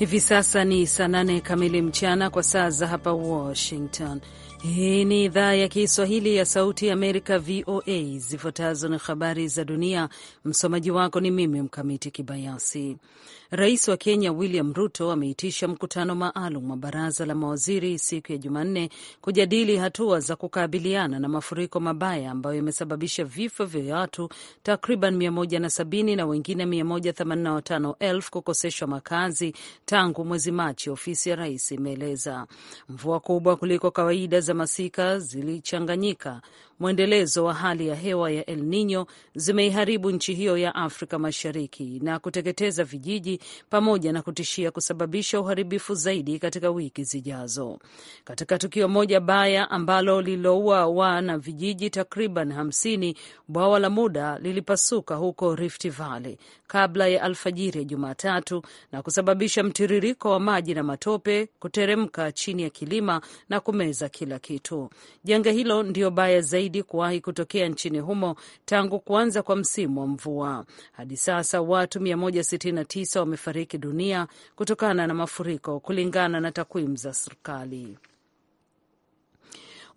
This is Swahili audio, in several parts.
Hivi sasa ni saa nane kamili mchana kwa saa za hapa Washington. Hii ni idhaa ya Kiswahili ya Sauti ya Amerika, VOA. Zifuatazo na habari za dunia, msomaji wako ni mimi Mkamiti Kibayasi. Rais wa Kenya William Ruto ameitisha mkutano maalum wa baraza la mawaziri siku ya Jumanne kujadili hatua za kukabiliana na mafuriko mabaya ambayo yamesababisha vifo vya watu takriban 170 na wengine 185,000 kukoseshwa makazi tangu mwezi Machi, ofisi ya rais imeeleza. Mvua kubwa kuliko kawaida za masika zilichanganyika mwendelezo wa hali ya hewa ya El Nino zimeiharibu nchi hiyo ya Afrika Mashariki na kuteketeza vijiji pamoja na kutishia kusababisha uharibifu zaidi katika wiki zijazo. Katika tukio moja baya ambalo lililoua wana vijiji takriban hamsini, bwawa la muda lilipasuka huko Rift Valley kabla ya alfajiri ya Jumatatu na kusababisha mtiririko wa maji na matope kuteremka chini ya kilima na kumeza kila kitu. Janga hilo ndio baya zaidi zaidi kuwahi kutokea nchini humo tangu kuanza kwa msimu wa mvua. Hadi sasa watu 169 wamefariki dunia kutokana na mafuriko kulingana na takwimu za serikali.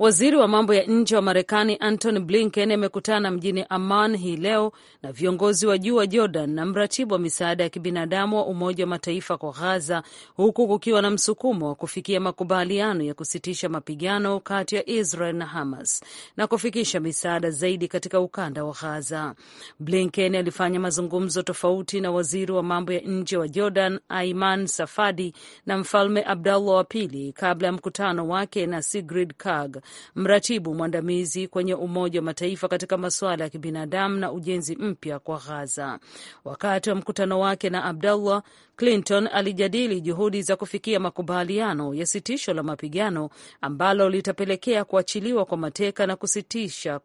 Waziri wa mambo ya nje wa Marekani Antony Blinken amekutana mjini Amman hii leo na viongozi wa juu wa Jordan na mratibu wa misaada ya kibinadamu wa Umoja wa Mataifa kwa Ghaza, huku kukiwa na msukumo wa kufikia makubaliano ya kusitisha mapigano kati ya Israel na Hamas na kufikisha misaada zaidi katika ukanda wa Ghaza. Blinken alifanya mazungumzo tofauti na waziri wa mambo ya nje wa Jordan Aiman Safadi na Mfalme Abdallah wa Pili kabla ya mkutano wake na Sigrid Kaag mratibu mwandamizi kwenye Umoja wa Mataifa katika masuala ya kibinadamu na ujenzi mpya kwa Ghaza. Wakati wa mkutano wake na abdullah Clinton alijadili juhudi za kufikia makubaliano ya sitisho la mapigano ambalo litapelekea kuachiliwa kwa mateka na kusitisha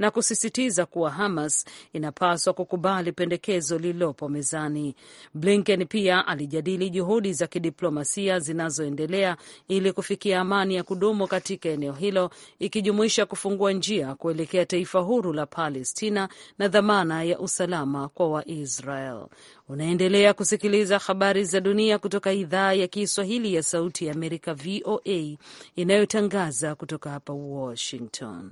na kusisitiza kuwa Hamas inapaswa kukubali pendekezo lililopo mezani. Blinken pia alijadili juhudi za kidiplomasia zinazoendelea ili kufikia amani ya kudumu katika eneo hilo, ikijumuisha kufungua njia kuelekea taifa huru la Palestina na dhamana ya usalama kwa Waisrael. Unaendelea kusikiliza habari za dunia kutoka idhaa ya Kiswahili ya Sauti ya Amerika, VOA, inayotangaza kutoka hapa Washington.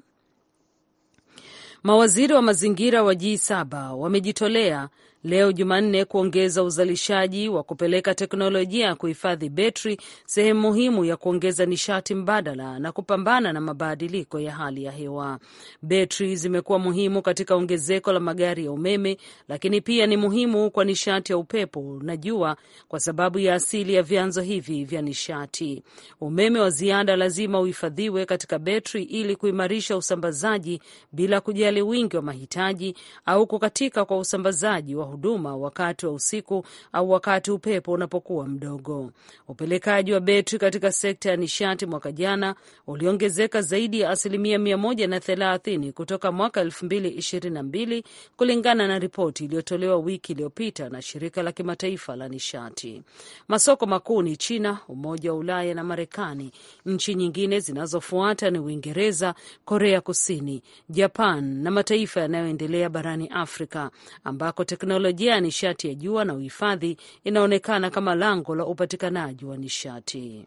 Mawaziri wa mazingira wa G7 wamejitolea leo Jumanne kuongeza uzalishaji wa kupeleka teknolojia ya kuhifadhi betri, sehemu muhimu ya kuongeza nishati mbadala na kupambana na mabadiliko ya hali ya hewa. Betri zimekuwa muhimu katika ongezeko la magari ya umeme, lakini pia ni muhimu kwa nishati ya upepo na jua kwa sababu ya asili ya vyanzo hivi vya nishati. Umeme wa ziada lazima uhifadhiwe katika betri ili kuimarisha usambazaji bila kujali wingi wa mahitaji au kukatika kwa usambazaji wa huduma wakati wa usiku au wakati upepo unapokuwa mdogo. Upelekaji wa betri katika sekta ya nishati mwaka jana uliongezeka zaidi ya asilimia 130 kutoka mwaka 2022 kulingana na ripoti iliyotolewa wiki iliyopita na shirika la kimataifa la nishati. Masoko makuu ni China, Umoja wa Ulaya na Marekani. Nchi nyingine zinazofuata ni Uingereza, Korea Kusini, Japan na mataifa yanayoendelea barani Afrika ambako teknolojia teknolojia ya nishati ya jua na uhifadhi inaonekana kama lango la upatikanaji wa nishati.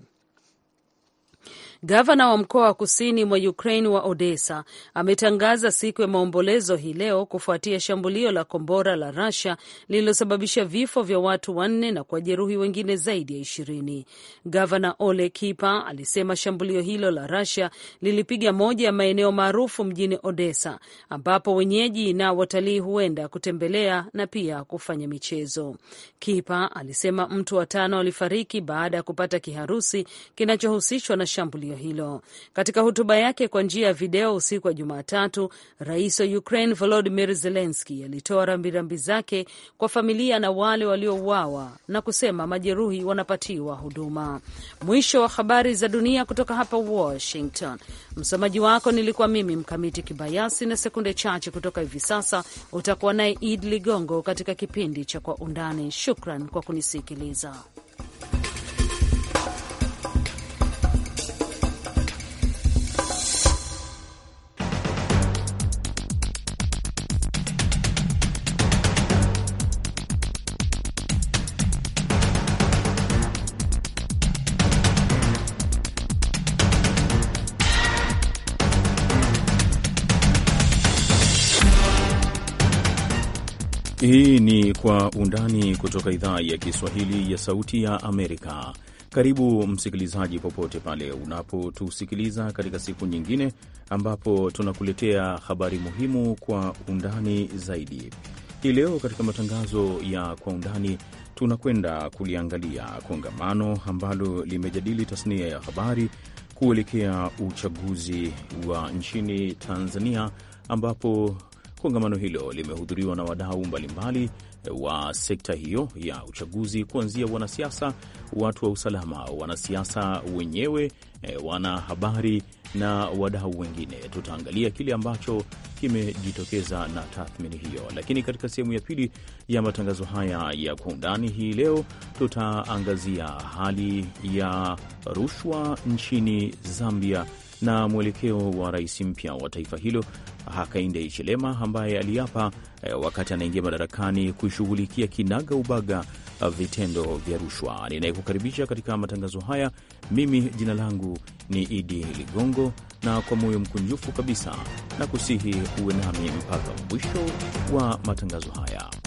Gavana wa mkoa wa kusini mwa Ukraine wa Odessa ametangaza siku ya maombolezo hii leo kufuatia shambulio la kombora la Russia lililosababisha vifo vya watu wanne na jeruhi wengine zaidi ya ishirini. Gavana Ole Kipa alisema shambulio hilo la Russia lilipiga moja ya maeneo maarufu mjini Odessa ambapo wenyeji na watalii huenda kutembelea na pia kufanya michezo. Kipa alisema mtu watano alifariki baada ya kupata kiharusi kinachohusishwa na shambulio shambulio hilo. Katika hotuba yake kwa njia ya video usiku wa Jumatatu, rais wa Ukraine Volodimir Zelenski alitoa rambirambi zake kwa familia na wale waliouawa na kusema majeruhi wanapatiwa huduma. Mwisho wa habari za dunia kutoka hapa Washington. Msomaji wako nilikuwa mimi Mkamiti Kibayasi, na sekunde chache kutoka hivi sasa utakuwa naye Id Ligongo katika kipindi cha Kwa Undani. Shukran kwa kunisikiliza. Hii ni Kwa Undani kutoka idhaa ya Kiswahili ya Sauti ya Amerika. Karibu msikilizaji, popote pale unapotusikiliza katika siku nyingine ambapo tunakuletea habari muhimu kwa undani zaidi. Hii leo katika matangazo ya Kwa Undani tunakwenda kuliangalia kongamano ambalo limejadili tasnia ya habari kuelekea uchaguzi wa nchini Tanzania ambapo Kongamano hilo limehudhuriwa na wadau mbalimbali wa sekta hiyo ya uchaguzi, kuanzia wanasiasa, watu wa usalama, wanasiasa wenyewe, eh, wanahabari na wadau wengine. Tutaangalia kile ambacho kimejitokeza na tathmini hiyo, lakini katika sehemu ya pili ya matangazo haya ya kwa undani hii leo tutaangazia hali ya rushwa nchini Zambia na mwelekeo wa rais mpya wa taifa hilo Hakainde Hichilema ambaye aliapa eh, wakati anaingia madarakani kushughulikia kinaga ubaga eh, vitendo vya rushwa. Ninayekukaribisha katika matangazo haya mimi, jina langu ni Idi Ligongo, na kwa moyo mkunjufu kabisa na kusihi uwe nami mpaka mwisho wa matangazo haya.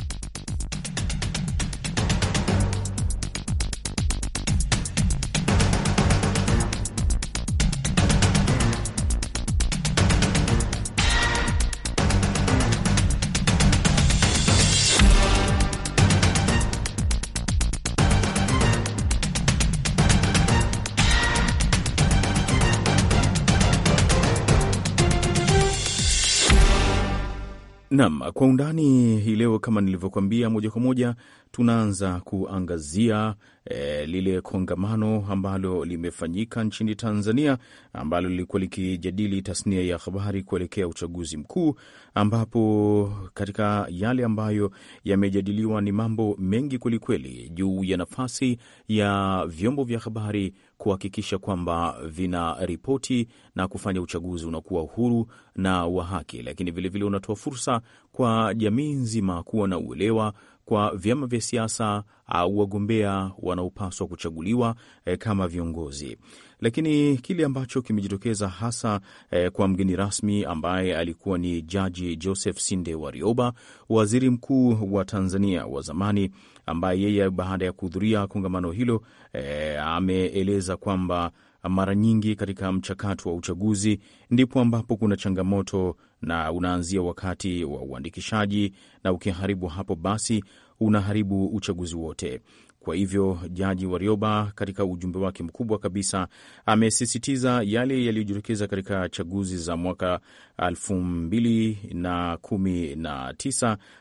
Naam, kwa undani hii leo, kama nilivyokuambia, moja kwa moja tunaanza kuangazia e, lile kongamano ambalo limefanyika nchini Tanzania ambalo lilikuwa likijadili tasnia ya habari kuelekea uchaguzi mkuu, ambapo katika yale ambayo yamejadiliwa ni mambo mengi kwelikweli juu ya nafasi ya vyombo vya habari kuhakikisha kwamba vina ripoti na kufanya uchaguzi unakuwa uhuru na wa haki, lakini vilevile unatoa fursa kwa jamii nzima kuwa na uelewa kwa vyama vya siasa au wagombea wanaopaswa kuchaguliwa eh, kama viongozi. Lakini kile ambacho kimejitokeza hasa eh, kwa mgeni rasmi ambaye alikuwa ni Jaji Joseph Sinde Warioba, waziri mkuu wa Tanzania wa zamani ambaye yeye baada ya kuhudhuria kongamano hilo e, ameeleza kwamba mara nyingi katika mchakato wa uchaguzi ndipo ambapo kuna changamoto na unaanzia wakati wa uandikishaji, na ukiharibu hapo basi unaharibu uchaguzi wote. Kwa hivyo Jaji Warioba katika ujumbe wake mkubwa kabisa amesisitiza yale yaliyojitokeza katika chaguzi za mwaka elfu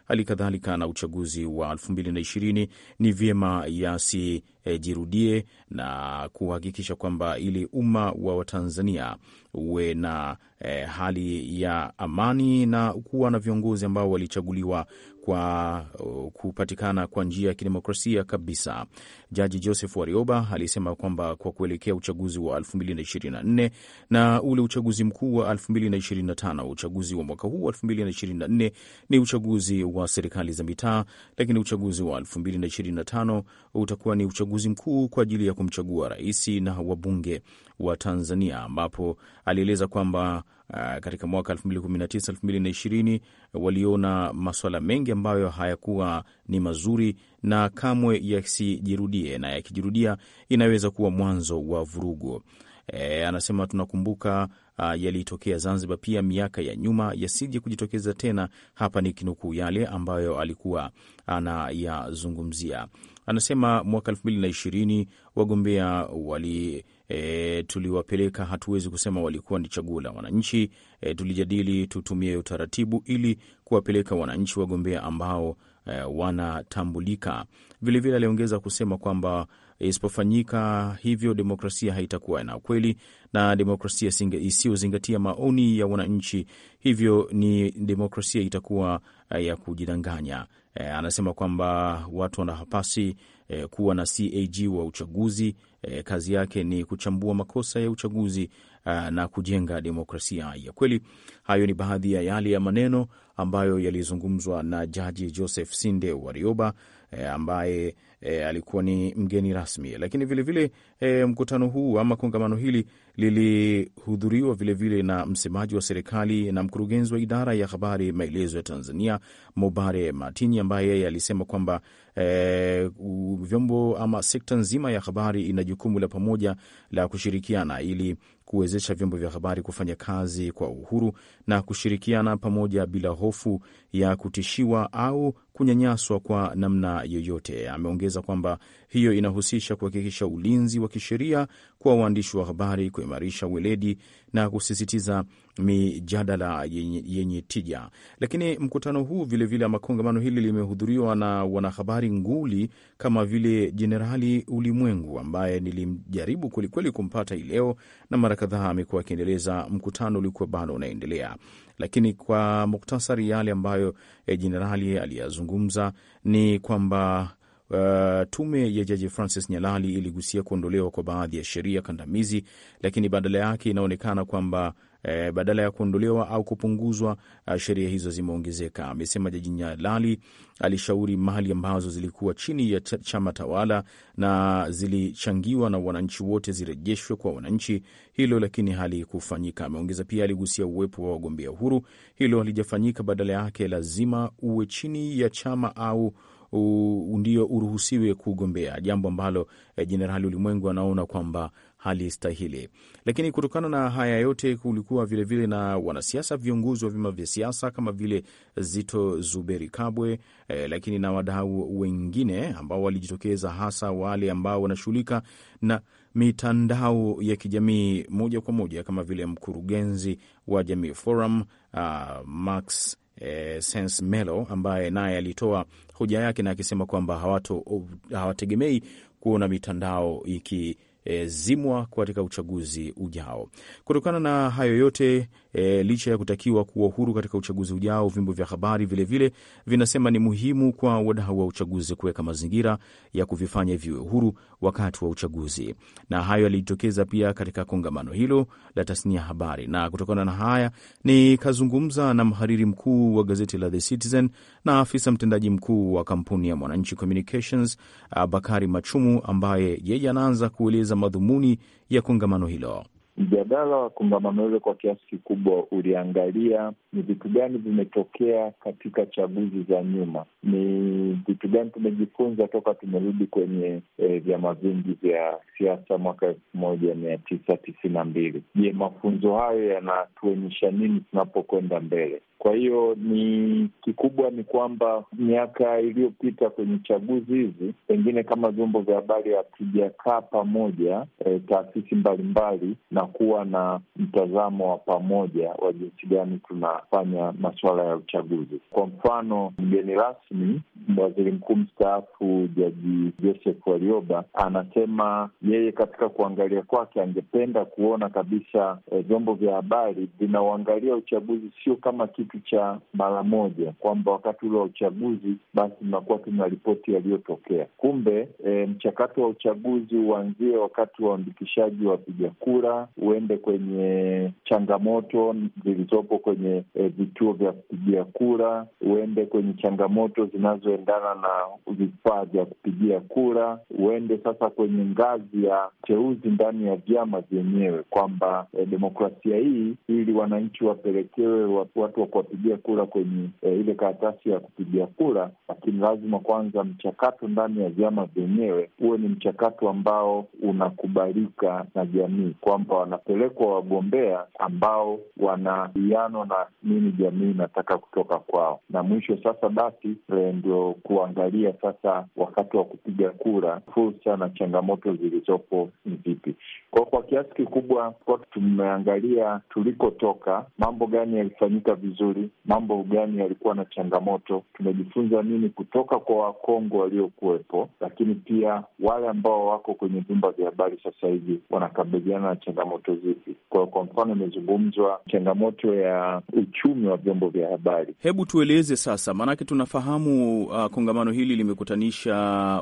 hali kadhalika na uchaguzi wa elfu ni vyema yasi e, jirudie na kuhakikisha kwamba ili umma wa Watanzania uwe na e, hali ya amani na kuwa na viongozi ambao walichaguliwa kwa kupatikana kwa njia ya kidemokrasia kabisa. Jaji Joseph Warioba alisema kwamba kwa kuelekea uchaguzi wa 2024 na ule uchaguzi mkuu wa 2025, uchaguzi wa mwaka huu 2024 ni uchaguzi wa serikali za mitaa, lakini uchaguzi wa 2025 utakuwa ni uchaguzi uchaguzi mkuu kwa ajili ya kumchagua rais na wabunge wa Tanzania, ambapo alieleza kwamba uh, katika mwaka 2019 2020 waliona maswala mengi ambayo hayakuwa ni mazuri na kamwe yasijirudie, na yakijirudia inaweza kuwa mwanzo wa vurugu. E, anasema tunakumbuka uh, yalitokea Zanzibar pia miaka ya nyuma yasije kujitokeza tena. Hapa ni kinukuu yale ambayo alikuwa anayazungumzia. Anasema mwaka elfu mbili na ishirini wagombea wali E, tuliwapeleka, hatuwezi kusema walikuwa ni chaguo la wananchi. E, tulijadili tutumie utaratibu ili kuwapeleka wananchi wagombea ambao e, wanatambulika. Vilevile aliongeza kusema kwamba Isipofanyika hivyo, demokrasia haitakuwa na kweli, na demokrasia isiyozingatia maoni ya wananchi, hivyo ni demokrasia itakuwa eh, ya kujidanganya. E, anasema kwamba watu wanapasi e, eh, kuwa na CAG wa uchaguzi e, kazi yake ni kuchambua makosa ya uchaguzi a, na kujenga demokrasia ya kweli. Hayo ni baadhi ya yale ya maneno ambayo yalizungumzwa na Jaji Joseph Sinde Warioba e, ambaye e, alikuwa ni mgeni rasmi, lakini vilevile vile, e, mkutano huu ama kongamano hili lilihudhuriwa vilevile na msemaji wa serikali na mkurugenzi wa idara ya habari maelezo ya Tanzania Mobare Martini, ambaye yeye alisema kwamba e, vyombo ama sekta nzima ya habari ina jukumu la pamoja la kushirikiana ili kuwezesha vyombo vya habari kufanya kazi kwa uhuru na kushirikiana pamoja bila hofu ya kutishiwa au kunyanyaswa kwa namna yoyote. Ameongeza kwamba hiyo inahusisha kuhakikisha ulinzi wa kisheria kwa waandishi wa habari, kuimarisha weledi na kusisitiza mijadala yenye, yenye tija. Lakini mkutano huu vilevile ama kongamano hili limehudhuriwa na wanahabari nguli kama vile Jenerali Ulimwengu ambaye nilimjaribu kwelikweli kumpata hii leo, na mara kadhaa amekuwa akiendeleza mkutano ulikuwa bado unaendelea, lakini kwa muktasari, yale ambayo eh, jenerali aliyazungumza ni kwamba Uh, tume ya Jaji Francis Nyalali iligusia kuondolewa kwa baadhi ya sheria kandamizi, lakini badala yake inaonekana kwamba eh, badala ya kuondolewa au kupunguzwa uh, sheria hizo zimeongezeka. Amesema Jaji Nyalali alishauri mali ambazo zilikuwa chini ya ch chama tawala na zilichangiwa na wananchi wote zirejeshwe kwa wananchi, hilo lakini halikufanyika. Ameongeza pia, aligusia uwepo wa wagombea huru, hilo halijafanyika. Badala yake lazima uwe chini ya chama au ndio uruhusiwe kugombea, jambo ambalo eh, Jenerali Ulimwengu anaona kwamba halistahili. Lakini kutokana na haya yote, kulikuwa vilevile na wanasiasa, viongozi wa vyama vya siasa kama vile Zito Zuberi Kabwe eh, lakini na wadau wengine ambao walijitokeza, hasa wale ambao wanashughulika na mitandao ya kijamii moja kwa moja kama vile mkurugenzi wa Jamii Forum uh, Max e, eh, Melo ambaye naye alitoa hoja yake na akisema kwamba hawategemei kuona mitandao iki e, zimwa katika uchaguzi ujao. Kutokana na hayo yote e, licha ya kutakiwa kuwa huru katika uchaguzi ujao, vyombo vya habari vilevile vinasema ni muhimu kwa wadau wa uchaguzi kuweka mazingira ya kuvifanya viwe huru wakati wa uchaguzi, na hayo yalijitokeza pia katika kongamano hilo la tasnia ya habari. Na kutokana na haya nikazungumza na mhariri mkuu wa gazeti la The Citizen na afisa mtendaji mkuu wa kampuni ya Mwananchi Communications Bakari Machumu, ambaye yeye anaanza kueleza kueleza madhumuni ya kongamano hilo. Mjadala wa kongamano hilo kwa kiasi kikubwa uliangalia ni vitu gani vimetokea katika chaguzi za nyuma, ni vitu gani tumejifunza toka tumerudi kwenye e, vyama e, vingi vya siasa mwaka elfu moja mia tisa tisini na mbili. Je, mafunzo hayo yanatuonyesha nini tunapokwenda mbele? Kwa hiyo ni kikubwa ni kwamba miaka iliyopita kwenye chaguzi hizi, pengine kama vyombo vya habari hatujakaa pamoja, e, taasisi mbalimbali na kuwa na mtazamo wa pamoja wa jinsi gani tunafanya masuala ya uchaguzi. Kwa mfano, mgeni rasmi waziri mkuu mstaafu Jaji Joseph Warioba anasema yeye katika kuangalia kwake angependa kuona kabisa e, vyombo e, vya habari vinauangalia uchaguzi sio kama kitu kitu cha mara moja, kwamba wakati ule wa uchaguzi basi tunakuwa tuna ripoti yaliyotokea. Kumbe e, mchakato wa uchaguzi uanzie wakati wa uandikishaji wa wapiga kura, uende kwenye changamoto zilizopo kwenye e, vituo vya kupigia kura, uende kwenye changamoto zinazoendana na vifaa vya kupigia kura, uende sasa kwenye ngazi ya teuzi ndani ya vyama vyenyewe, kwamba e, demokrasia hii ili wananchi wapelekewe watu wa kuwapigia kura kwenye e, ile karatasi ya kupigia kura, lakini lazima kwanza mchakato ndani ya vyama vyenyewe huwe ni mchakato ambao unakubalika na jamii, kwamba wanapelekwa wagombea ambao wana uwiano na nini jamii inataka kutoka kwao, na mwisho sasa basi eh, ndio kuangalia sasa wakati wa kupiga kura fursa na changamoto zilizopo ni zipi. Kwa kwa kiasi kikubwa kwa tumeangalia tulikotoka, mambo gani yalifanyika vizuri, mambo gani yalikuwa na changamoto, tumejifunza nini kutoka kwa Wakongo waliokuwepo, lakini pia wale ambao wako kwenye vyumba vya habari sasa hivi wanakabiliana na changamoto zipi. Kwa kwa mfano, imezungumzwa changamoto ya uchumi wa vyombo vya habari. Hebu tueleze sasa, maanake tunafahamu uh, kongamano hili limekutanisha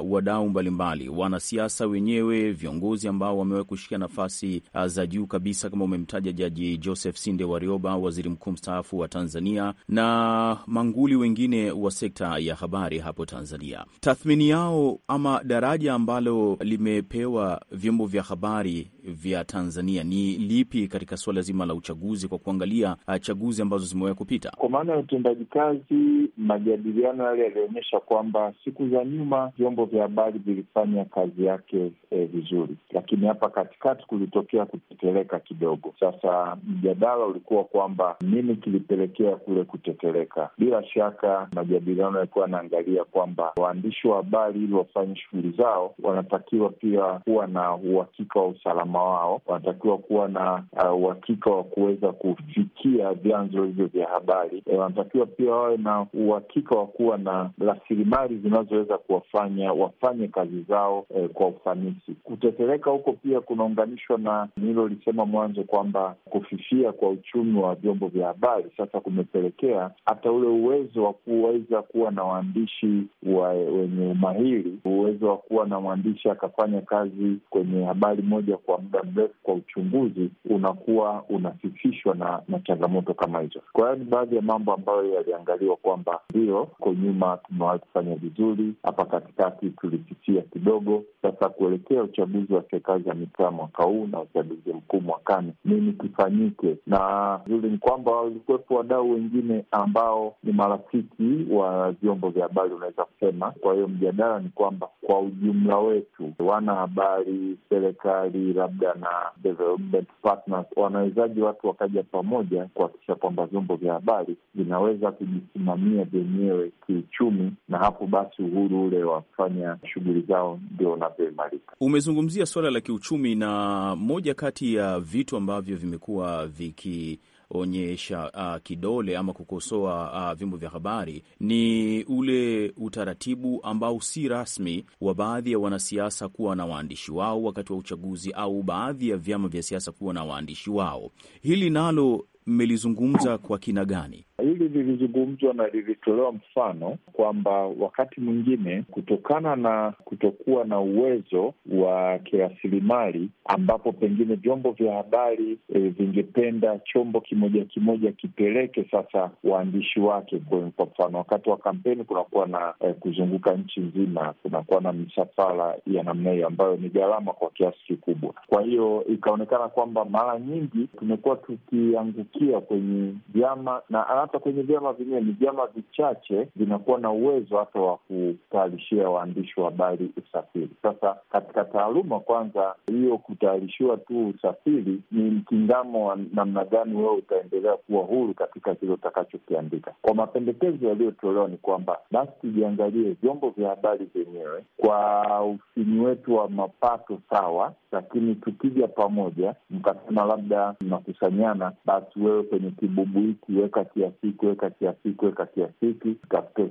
wadau mbalimbali, wanasiasa wenyewe, viongozi ambao wamewahi kushika nafasi uh, za juu kabisa kama umemtaja Jaji Joseph Sinde Warioba, waziri mkuu mstaafu wa Tanzania, na manguli wengine wa sekta ya habari hapo Tanzania. Tathmini yao ama daraja ambalo limepewa vyombo vya habari vya Tanzania ni lipi katika suala zima la uchaguzi, kwa kuangalia uh, chaguzi ambazo zimewahi kupita? Kwa maana ya utendaji kazi, majadiliano yale yalionyesha kwamba siku za nyuma vyombo vya habari vilifanya kazi yake eh, vizuri, lakini hapa katikati kulitokea kuteteleka kidogo. Sasa mjadala ulikuwa kwamba nini kilipelekea kule kuteteleka. Bila shaka majadiliano yalikuwa yanaangalia kwamba waandishi wa habari ili wafanye shughuli zao wanatakiwa pia kuwa na uhakika wa usalama usalama wao, wanatakiwa kuwa na uh, uhakika uh, wa kuweza kufikia vyanzo hivyo vya habari. E, wanatakiwa pia wawe na uhakika wa kuwa na rasilimali zinazoweza kuwafanya wafanye kazi zao e, kwa ufanisi. Kuteteleka huko pia kunaunganishwa na nililolisema mwanzo kwamba kufifia kwa uchumi wa vyombo vya habari sasa kumepelekea hata ule uwezo wa kuweza kuwa na waandishi wa, wenye umahiri, uwezo wa kuwa na mwandishi akafanya kazi kwenye habari moja kwa muda mrefu kwa uchunguzi unakuwa unafifishwa na, na changamoto kama hizo. Kwa hiyo ni baadhi ya mambo ambayo yaliangaliwa kwamba ndio, huko nyuma tumewahi kufanya vizuri, hapa katikati tulipitia kidogo. Sasa kuelekea uchaguzi wa serikali za mitaa mwaka huu na uchaguzi mkuu mwakani, nini kifanyike? Na zuri ni kwamba walikuwepo wadau wengine ambao ni marafiki wa vyombo vya habari, unaweza kusema. Kwa hiyo mjadala ni kwamba kwa ujumla wetu, wanahabari, serikali, labda na development partners, wanawezaji watu wakaja pamoja kuhakikisha kwamba vyombo vya habari vinaweza kujisimamia vyenyewe kiuchumi, na hapo basi uhuru ule wa kufanya shughuli zao ndio unavyoimarika. Umezungumzia suala la kiuchumi, na moja kati ya vitu ambavyo vimekuwa viki onyesha uh, kidole ama kukosoa uh, vyombo vya habari ni ule utaratibu ambao si rasmi wa baadhi ya wanasiasa kuwa na waandishi wao wakati wa uchaguzi au baadhi ya vyama vya siasa kuwa na waandishi wao. Hili nalo mmelizungumza kwa kina gani? Hili lilizungumzwa na lilitolewa mfano kwamba wakati mwingine kutokana na kutokuwa na uwezo wa kirasilimali, ambapo pengine vyombo vya habari e, vingependa chombo kimoja kimoja kipeleke sasa waandishi wake. Kwa mfano, wakati wa kampeni kunakuwa na e, kuzunguka nchi nzima, kunakuwa na misafara ya namna hiyo ambayo ni gharama kwa kiasi kikubwa. Kwa hiyo ikaonekana kwamba mara nyingi tumekuwa tukiangukia kwenye vyama na hata kwenye vyama vyenyewe ni vyama vichache vinakuwa na uwezo hata wa kutayarishia waandishi wa habari usafiri. Sasa katika taaluma, kwanza hiyo kutayarishiwa tu usafiri ni mkingamo wa namna gani wewe utaendelea kuwa huru katika kile utakachokiandika. Kwa mapendekezo yaliyotolewa ni kwamba basi tujiangalie vyombo vya habari vyenyewe kwa ufinyi wetu wa mapato sawa, lakini tukija pamoja mkasema labda mnakusanyana, basi wewe kwenye kibubu hiki weka kiasi siku kuweka kiasi hiki, kuweka kiasi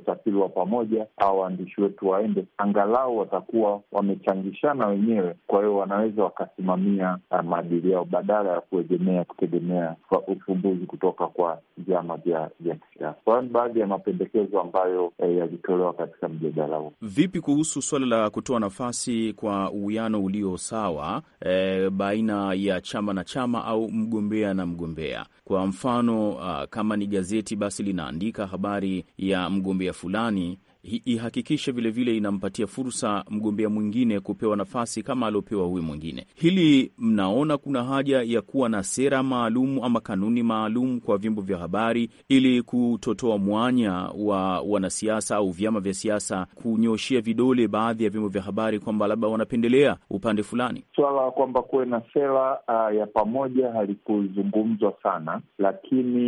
usafiri wa pamoja, au waandishi wetu waende, angalau watakuwa wamechangishana wenyewe, kwa hiyo wanaweza wakasimamia ah, maadili yao badala ya kuegemea kutegemea ufumbuzi kutoka kwa vyama vya kisiasa. Kwa hiyo ni baadhi ya mapendekezo ambayo eh, yalitolewa katika mjadala huo. Vipi kuhusu suala la kutoa nafasi kwa uwiano ulio sawa eh, baina ya chama na chama au mgombea na mgombea? Kwa mfano uh, kama ni gazeti gazeti basi linaandika habari ya mgombea fulani ihakikishe vilevile inampatia fursa mgombea mwingine kupewa nafasi kama aliopewa huyu mwingine. Hili mnaona kuna haja ya kuwa na sera maalum ama kanuni maalum kwa vyombo vya habari ili kutotoa mwanya wa wanasiasa au vyama vya siasa kunyoshia vidole baadhi ya vyombo vya habari kwamba labda wanapendelea upande fulani. Suala la kwamba kuwe na sera uh, ya pamoja halikuzungumzwa sana, lakini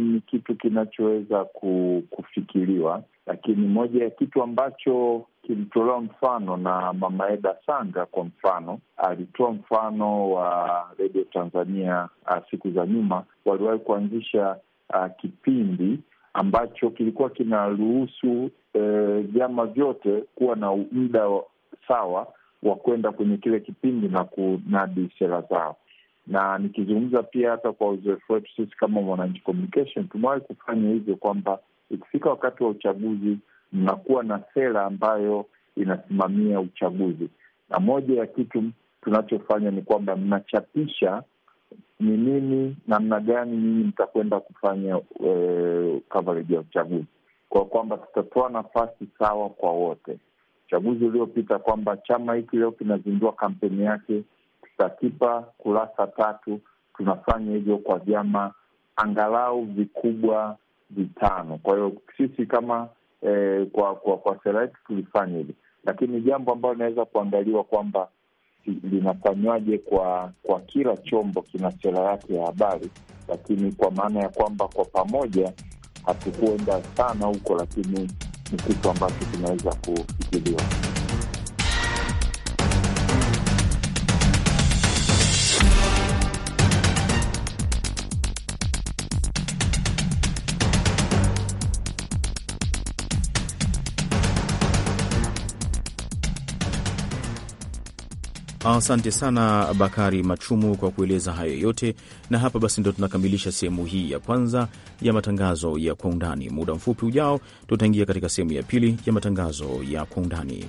ni kitu kinachoweza kufikiriwa lakini moja ya kitu ambacho kilitolewa mfano na Mama Eda Sanga, kwa mfano, alitoa mfano wa Redio Tanzania siku za nyuma, waliwahi kuanzisha kipindi ambacho kilikuwa kinaruhusu e, vyama e, vyote kuwa na muda sawa wa kwenda kwenye kile kipindi na kunadi sera zao. Na nikizungumza pia hata kwa uzoefu wetu sisi kama Mwananchi Communication, tumewahi kufanya hivyo kwamba ikifika wakati wa uchaguzi, mnakuwa na sera ambayo inasimamia uchaguzi, na moja ya kitu tunachofanya ni kwamba mnachapisha ni nini, namna gani nyinyi mtakwenda kufanya e, coverage ya uchaguzi, kwa kwamba tutatoa nafasi sawa kwa wote. Uchaguzi uliopita kwamba chama hiki leo kinazindua kampeni yake, tutakipa kurasa tatu. Tunafanya hivyo kwa vyama angalau vikubwa vitano. Kwa hiyo sisi kama eh, kwa kwa, kwa sera yetu tulifanya hili, lakini jambo ambalo linaweza kuangaliwa kwamba linafanywaje kwa kwa kila chombo kina sera yake ya habari, lakini kwa maana ya kwamba kwa pamoja hatukuenda sana huko, lakini ni kitu ambacho kinaweza kufikiriwa. Asante sana Bakari Machumu kwa kueleza hayo yote, na hapa basi ndo tunakamilisha sehemu hii ya kwanza ya matangazo ya kwa undani. Muda mfupi ujao, tutaingia katika sehemu ya pili ya matangazo ya kwa undani.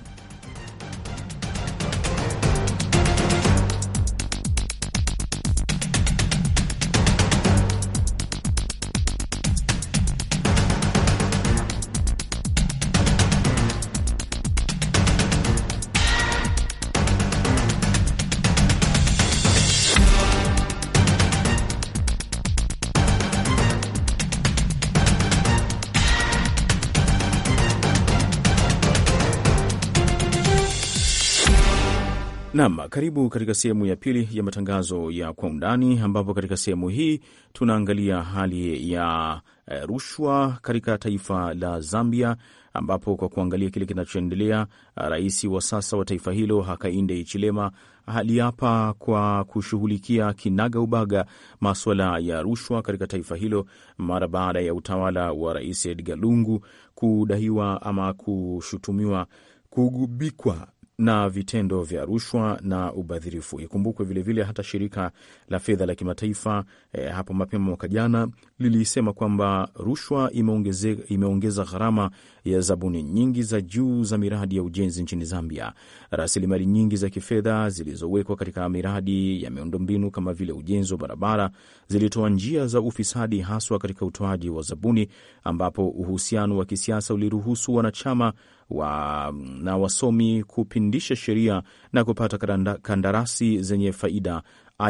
Naam, karibu katika sehemu ya pili ya matangazo ya kwa undani, ambapo katika sehemu hii tunaangalia hali ya eh, rushwa katika taifa la Zambia, ambapo kwa kuangalia kile kinachoendelea, rais wa sasa wa taifa hilo Hakainde Ichilema aliapa kwa kushughulikia kinaga ubaga maswala ya rushwa katika taifa hilo mara baada ya utawala wa rais Edgar Lungu kudaiwa ama kushutumiwa kugubikwa na vitendo vya rushwa na ubadhirifu. Ikumbukwe vilevile hata shirika la fedha la kimataifa e, hapo mapema mwaka jana lilisema kwamba rushwa imeongeze, imeongeza gharama ya zabuni nyingi za juu za miradi ya ujenzi nchini Zambia. Rasilimali nyingi za kifedha zilizowekwa katika miradi ya miundombinu kama vile ujenzi wa barabara zilitoa njia za ufisadi, haswa katika utoaji wa zabuni, ambapo uhusiano wa kisiasa uliruhusu wanachama wa, na wasomi kupindisha sheria na kupata kandarasi zenye faida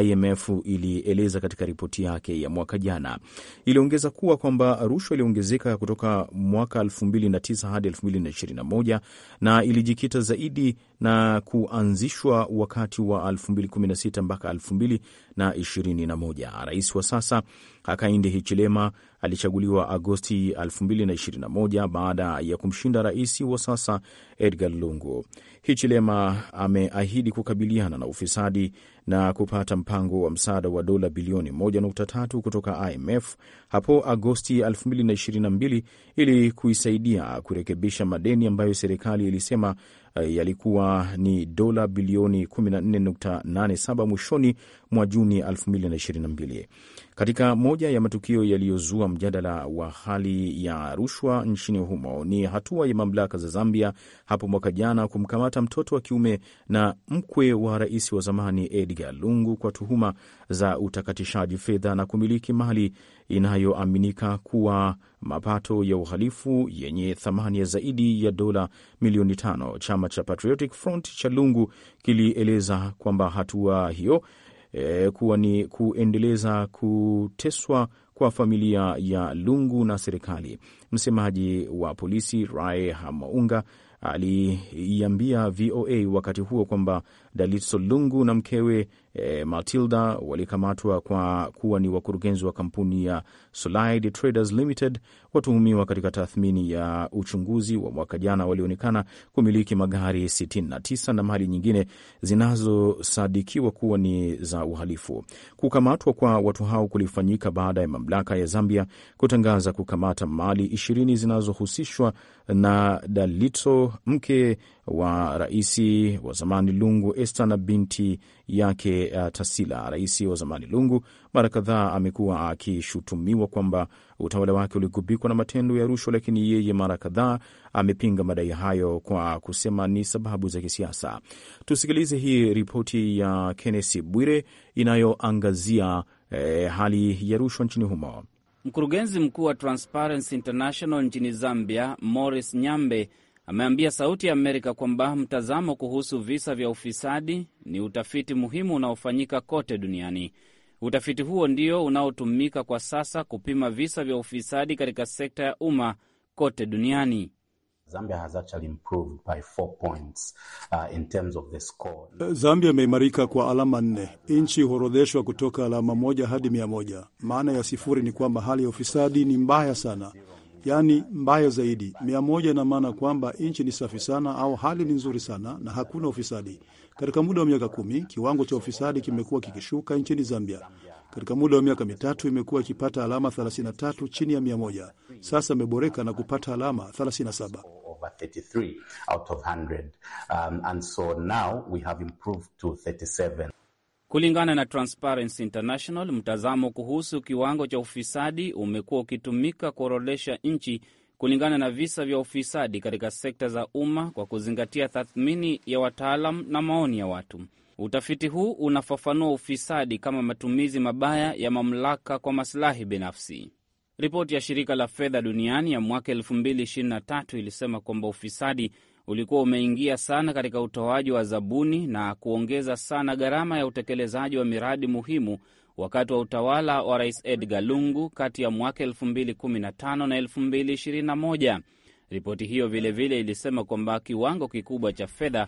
IMF ilieleza katika ripoti yake ya mwaka jana. Iliongeza kuwa kwamba rushwa iliongezeka kutoka mwaka 2009 hadi 2021 na ilijikita zaidi na kuanzishwa wakati wa 2016 mpaka 2021. Rais wa sasa Hakainde Hichilema alichaguliwa Agosti 2021 baada ya kumshinda rais wa sasa Edgar Lungu. Hichilema ameahidi kukabiliana na ufisadi na kupata mpango wa msaada wa dola bilioni 1.3 kutoka IMF hapo Agosti 2022 ili kuisaidia kurekebisha madeni ambayo serikali ilisema eh, yalikuwa ni dola bilioni 14.87 mwishoni mwa Juni 2022. Katika moja ya matukio yaliyozua mjadala wa hali ya rushwa nchini humo ni hatua ya mamlaka za Zambia hapo mwaka jana kumkamata mtoto wa kiume na mkwe wa rais wa zamani Edgar Lungu kwa tuhuma za utakatishaji fedha na kumiliki mali inayoaminika kuwa mapato ya uhalifu yenye thamani ya zaidi ya dola milioni tano. Chama cha Patriotic Front cha Lungu kilieleza kwamba hatua hiyo e, kuwa ni kuendeleza kuteswa kwa familia ya Lungu na serikali. Msemaji wa polisi Rai Hamaunga aliiambia VOA wakati huo kwamba Dalitso Lungu na mkewe e, Matilda walikamatwa kwa kuwa ni wakurugenzi wa kampuni ya Solide Traders Limited. Watuhumiwa katika tathmini ya uchunguzi wa mwaka jana walionekana kumiliki magari 69 na mali nyingine zinazosadikiwa kuwa ni za uhalifu. Kukamatwa kwa watu hao kulifanyika baada ya mamlaka ya Zambia kutangaza kukamata mali ishirini zinazohusishwa na Dalito mke wa rais wa zamani Lungu este na binti yake uh, Tasila. Rais wa zamani Lungu mara kadhaa amekuwa akishutumiwa kwamba utawala wake uligubikwa na matendo ya rushwa, lakini yeye mara kadhaa amepinga madai hayo kwa kusema ni sababu za kisiasa. Tusikilize hii ripoti ya Kennesi Bwire inayoangazia eh, hali ya rushwa nchini humo. Mkurugenzi mkuu wa Transparency International nchini Zambia, Morris Nyambe ameambia Sauti ya Amerika kwamba mtazamo kuhusu visa vya ufisadi ni utafiti muhimu unaofanyika kote duniani. Utafiti huo ndio unaotumika kwa sasa kupima visa vya ufisadi katika sekta ya umma kote duniani. Zambia uh, imeimarika kwa alama nne. Nchi huorodheshwa kutoka alama moja hadi mia moja. Maana ya sifuri ni kwamba hali ya ufisadi ni mbaya sana yaani mbayo zaidi mia moja. Ina maana kwamba nchi ni safi sana au hali ni nzuri sana na hakuna ufisadi. Katika muda wa miaka kumi kiwango cha ufisadi kimekuwa kikishuka nchini Zambia. Katika muda wa miaka mitatu imekuwa ikipata alama 33 chini ya mia Sasa ameboreka na kupata alama 37. Um, so Kulingana na Transparency International, mtazamo kuhusu kiwango cha ufisadi umekuwa ukitumika kuorodhesha nchi kulingana na visa vya ufisadi katika sekta za umma kwa kuzingatia tathmini ya wataalam na maoni ya watu. Utafiti huu unafafanua ufisadi kama matumizi mabaya ya mamlaka kwa masilahi binafsi. Ripoti ya shirika la fedha duniani ya mwaka 2023 ilisema kwamba ufisadi ulikuwa umeingia sana katika utoaji wa zabuni na kuongeza sana gharama ya utekelezaji wa miradi muhimu wakati wa utawala wa Rais Edgar Lungu kati ya mwaka 2015 na 2021. Ripoti hiyo vilevile vile ilisema kwamba kiwango kikubwa cha fedha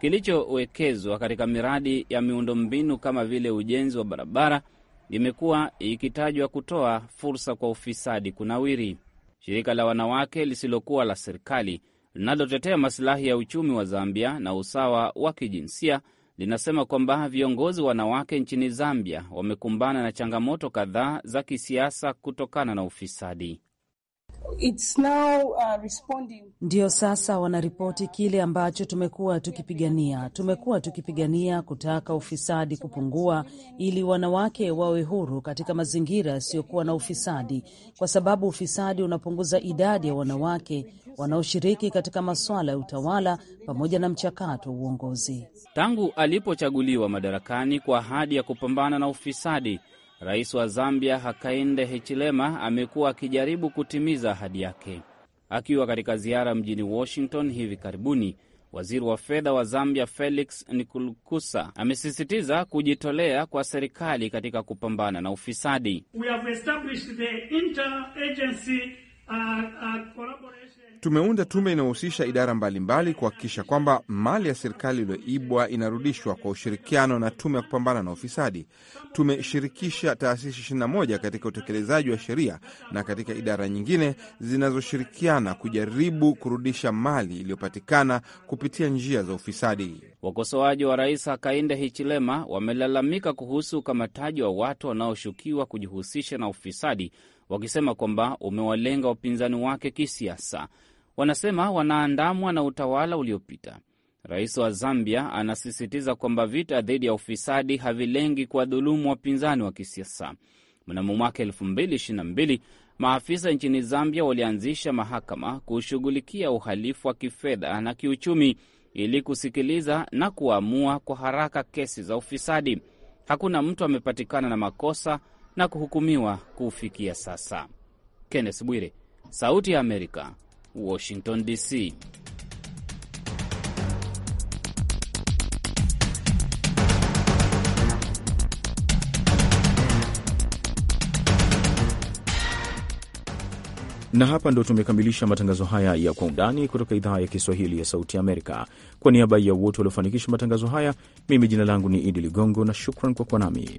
kilichowekezwa katika miradi ya miundombinu kama vile ujenzi wa barabara imekuwa ikitajwa kutoa fursa kwa ufisadi kunawiri. Shirika la wanawake lisilokuwa la serikali linalotetea masilahi ya uchumi wa Zambia na usawa wa kijinsia linasema kwamba viongozi wanawake nchini Zambia wamekumbana na changamoto kadhaa za kisiasa kutokana na ufisadi. It's now, uh, responding. Ndiyo sasa wanaripoti kile ambacho tumekuwa tukipigania. Tumekuwa tukipigania kutaka ufisadi kupungua ili wanawake wawe huru katika mazingira yasiyokuwa na ufisadi, kwa sababu ufisadi unapunguza idadi ya wanawake wanaoshiriki katika masuala ya utawala pamoja na mchakato wa uongozi. Tangu alipochaguliwa madarakani kwa ahadi ya kupambana na ufisadi Rais wa Zambia Hakainde Hichilema amekuwa akijaribu kutimiza ahadi yake. Akiwa katika ziara mjini Washington hivi karibuni, waziri wa fedha wa Zambia Felix Nikulukusa amesisitiza kujitolea kwa serikali katika kupambana na ufisadi. We have established the uh, uh, Tumeunda tume inayohusisha idara mbalimbali kuhakikisha kwamba mali ya serikali iliyoibwa inarudishwa kwa ushirikiano na tume ya kupambana na ufisadi. Tumeshirikisha taasisi 21 katika utekelezaji wa sheria na katika idara nyingine zinazoshirikiana kujaribu kurudisha mali iliyopatikana kupitia njia za ufisadi. Wakosoaji wa Rais Hakainde Hichilema wamelalamika kuhusu ukamataji wa watu wanaoshukiwa kujihusisha na ufisadi wakisema kwamba umewalenga wapinzani wake kisiasa. Wanasema wanaandamwa na utawala uliopita. Rais wa Zambia anasisitiza kwamba vita dhidi ya ufisadi havilengi kuwadhulumu wapinzani wa kisiasa. Mnamo mwaka 2022 maafisa nchini Zambia walianzisha mahakama kushughulikia uhalifu wa kifedha na kiuchumi ili kusikiliza na kuamua kwa haraka kesi za ufisadi. Hakuna mtu amepatikana na makosa na kuhukumiwa kufikia sasa. Kenneth Bwire, Sauti ya Amerika, Washington DC. Na hapa ndo tumekamilisha matangazo haya ya Kwa Undani kutoka idhaa ya Kiswahili ya Sauti ya Amerika. Kwa niaba ya wote waliofanikisha matangazo haya, mimi jina langu ni Idi Ligongo na shukran kwa kuwa nami.